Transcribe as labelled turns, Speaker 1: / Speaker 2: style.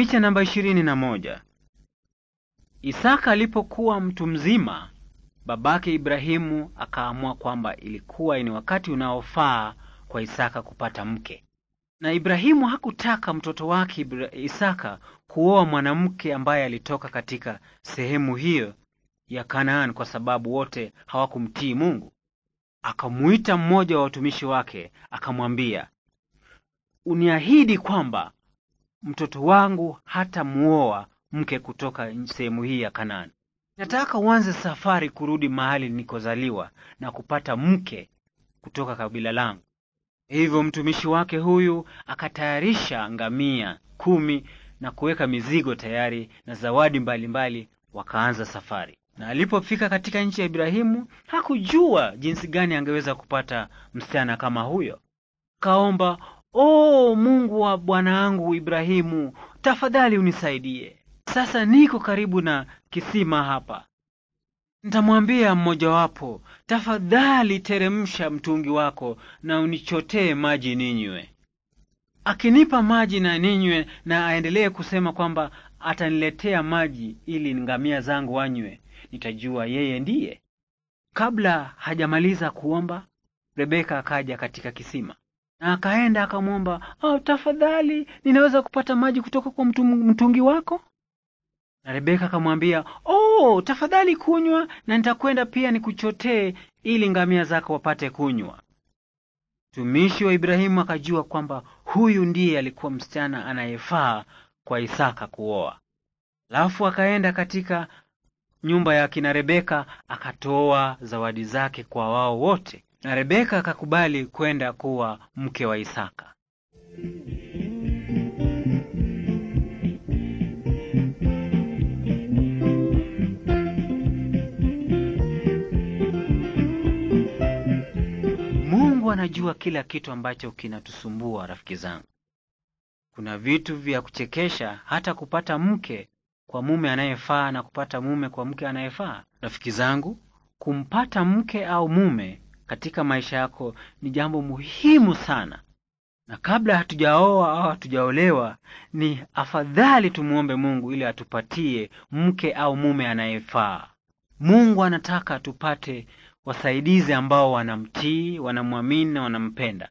Speaker 1: Picha namba ishirini na moja. Isaka alipokuwa mtu mzima, babake Ibrahimu akaamua kwamba ilikuwa ni wakati unaofaa kwa Isaka kupata mke. Na Ibrahimu hakutaka mtoto wake Isaka kuoa mwanamke ambaye alitoka katika sehemu hiyo ya Kanaani kwa sababu wote hawakumtii Mungu. Akamuita mmoja wa watumishi wake, akamwambia, "Uniahidi kwamba mtoto wangu hatamuoa mke kutoka sehemu hii ya Kanaani. Nataka uanze safari kurudi mahali nilikozaliwa na kupata mke kutoka kabila langu. Hivyo mtumishi wake huyu akatayarisha ngamia kumi na kuweka mizigo tayari na zawadi mbalimbali mbali, wakaanza safari. Na alipofika katika nchi ya Ibrahimu hakujua jinsi gani angeweza kupata msichana kama huyo. Kaomba O Mungu wa bwana wangu Ibrahimu, tafadhali unisaidie. Sasa niko karibu na kisima hapa. Nitamwambia mmojawapo, tafadhali teremsha mtungi wako na unichotee maji ninywe. Akinipa maji na ninywe, na aendelee kusema kwamba ataniletea maji ili ngamia zangu wanywe, nitajua yeye ndiye. Kabla hajamaliza kuomba, Rebeka akaja katika kisima na akaenda akamwomba, oh, tafadhali ninaweza kupata maji kutoka kwa mtungi wako? Na Rebeka akamwambia, oh, tafadhali kunywa na nitakwenda pia nikuchotee ili ngamia zako wapate kunywa. Mtumishi wa Ibrahimu akajua kwamba huyu ndiye alikuwa msichana anayefaa kwa Isaka kuoa. Alafu akaenda katika nyumba ya kina Rebeka akatoa zawadi zake kwa wao wote na Rebeka akakubali kwenda kuwa mke wa Isaka. Mungu anajua kila kitu ambacho kinatusumbua, rafiki zangu. Kuna vitu vya kuchekesha, hata kupata mke kwa mume anayefaa na kupata mume kwa mke anayefaa. Rafiki zangu, kumpata mke au mume katika maisha yako ni jambo muhimu sana, na kabla hatujaoa au hatujaolewa, ni afadhali tumwombe Mungu ili atupatie mke au mume anayefaa. Mungu anataka tupate wasaidizi ambao wanamtii, wanamwamini na wanampenda.